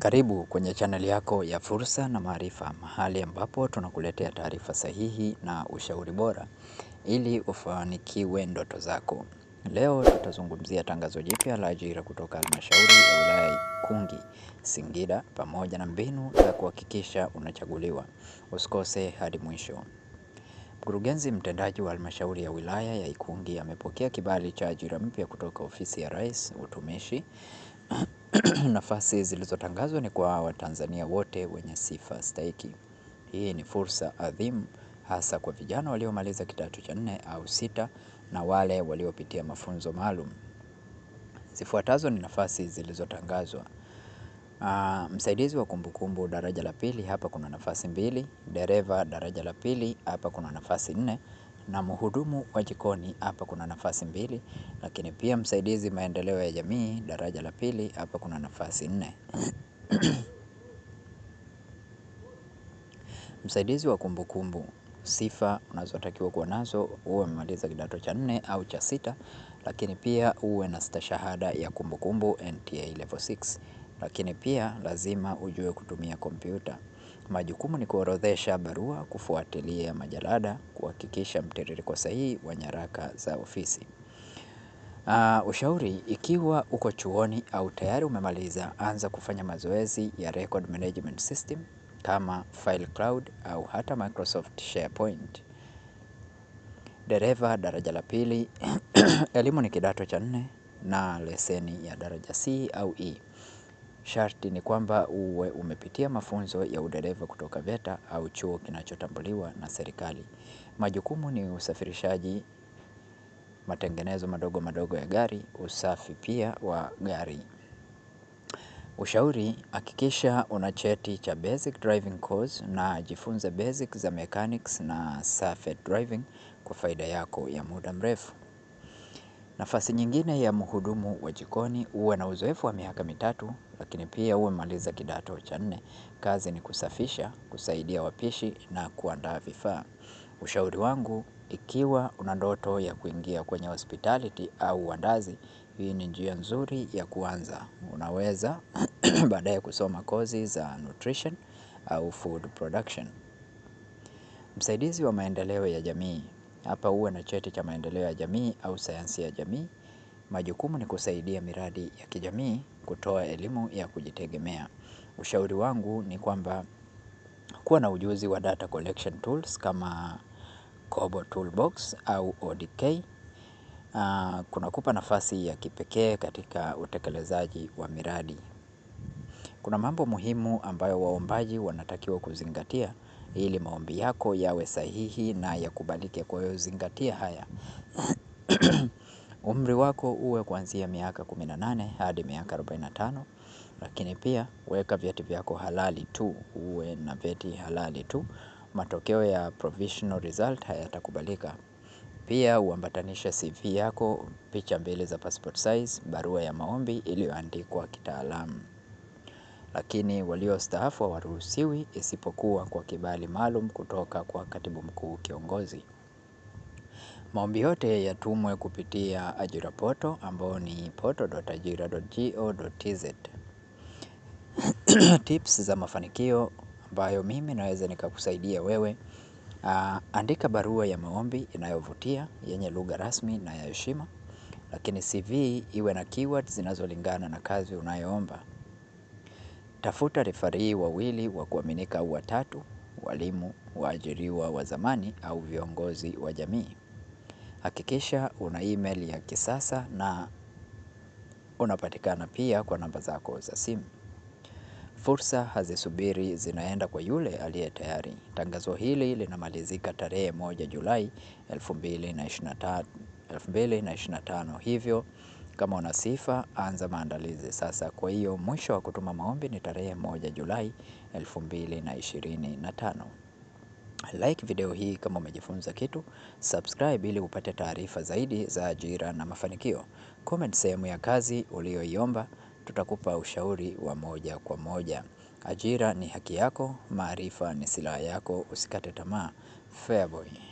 Karibu kwenye chaneli yako ya Fursa na Maarifa, mahali ambapo tunakuletea taarifa sahihi na ushauri bora ili ufanikiwe ndoto zako. Leo tutazungumzia tangazo jipya la ajira kutoka halmashauri ya wilaya Ikungi, Singida, pamoja na mbinu za kuhakikisha unachaguliwa. Usikose hadi mwisho. Mkurugenzi mtendaji wa halmashauri ya wilaya ya Ikungi amepokea kibali cha ajira mpya kutoka ofisi ya Rais Utumishi nafasi zilizotangazwa ni kwa Watanzania wote wenye sifa stahiki. Hii ni fursa adhimu hasa kwa vijana waliomaliza kidato cha nne au sita na wale waliopitia mafunzo maalum. Zifuatazo ni nafasi zilizotangazwa. Ah, msaidizi wa kumbukumbu daraja la pili hapa kuna nafasi mbili. Dereva daraja la pili hapa kuna nafasi nne na mhudumu wa jikoni. Hapa kuna nafasi mbili, lakini pia msaidizi maendeleo ya jamii daraja la pili, hapa kuna nafasi nne. Msaidizi wa kumbukumbu kumbu. Sifa unazotakiwa kuwa nazo uwe umemaliza kidato cha nne au cha sita, lakini pia uwe na stashahada ya kumbukumbu NTA level 6, lakini pia lazima ujue kutumia kompyuta. Majukumu ni kuorodhesha barua, kufuatilia majalada, kuhakikisha mtiririko sahihi wa nyaraka za ofisi. Ah, ushauri, ikiwa uko chuoni au tayari umemaliza, anza kufanya mazoezi ya Record Management System kama File Cloud au hata Microsoft SharePoint. Dereva daraja la pili, elimu ni kidato cha nne na leseni ya daraja C au E. Sharti ni kwamba uwe umepitia mafunzo ya udereva kutoka VETA au chuo kinachotambuliwa na serikali. Majukumu ni usafirishaji matengenezo madogo madogo ya gari, usafi pia wa gari. Ushauri, hakikisha una cheti cha basic driving course na jifunze basic za mechanics na safe driving kwa faida yako ya muda mrefu. Nafasi nyingine ya mhudumu wa jikoni uwe na uzoefu wa miaka mitatu lakini pia umemaliza kidato cha nne, kazi ni kusafisha, kusaidia wapishi na kuandaa vifaa. Ushauri wangu, ikiwa una ndoto ya kuingia kwenye hospitality au uandazi, hii ni njia nzuri ya kuanza. Unaweza baadaye kusoma kozi za nutrition au food production. Msaidizi wa maendeleo ya jamii. Hapa uwe na cheti cha maendeleo ya jamii au sayansi ya jamii. Majukumu ni kusaidia miradi ya kijamii kutoa elimu ya kujitegemea. Ushauri wangu ni kwamba kuwa na ujuzi wa data collection tools kama Kobo Toolbox au ODK. Ah, kunakupa nafasi ya kipekee katika utekelezaji wa miradi. Kuna mambo muhimu ambayo waombaji wanatakiwa kuzingatia ili maombi yako yawe sahihi na yakubalike kwa hiyo zingatia haya. Umri wako uwe kuanzia miaka 18 hadi miaka 45, lakini pia weka vyeti vyako halali tu, uwe na vyeti halali tu. Matokeo ya provisional result hayatakubalika. Pia uambatanishe CV yako, picha mbili za passport size, barua ya maombi iliyoandikwa kitaalamu. Lakini waliostaafu hawaruhusiwi isipokuwa kwa kibali maalum kutoka kwa katibu mkuu kiongozi. Maombi yote yatumwe kupitia ajira poto ambao ni poto.ajira.go.tz Tips za mafanikio ambayo mimi naweza nikakusaidia wewe uh, andika barua ya maombi inayovutia yenye lugha rasmi na ya heshima lakini CV iwe na keywords zinazolingana na kazi unayoomba. Tafuta refarii wawili wa kuaminika au watatu, walimu, waajiriwa wa zamani au viongozi wa jamii. Hakikisha una email ya kisasa na unapatikana pia kwa namba zako za simu. Fursa hazisubiri zinaenda kwa yule aliye tayari. Tangazo hili linamalizika tarehe moja julai 2025 hivyo kama una sifa anza maandalizi sasa kwa hiyo mwisho wa kutuma maombi ni tarehe moja julai 2025. Like video hii kama umejifunza kitu, subscribe ili upate taarifa zaidi za ajira na mafanikio. Comment sehemu ya kazi uliyoiomba, tutakupa ushauri wa moja kwa moja. Ajira ni haki yako, maarifa ni silaha yako, usikate tamaa. Feaboy.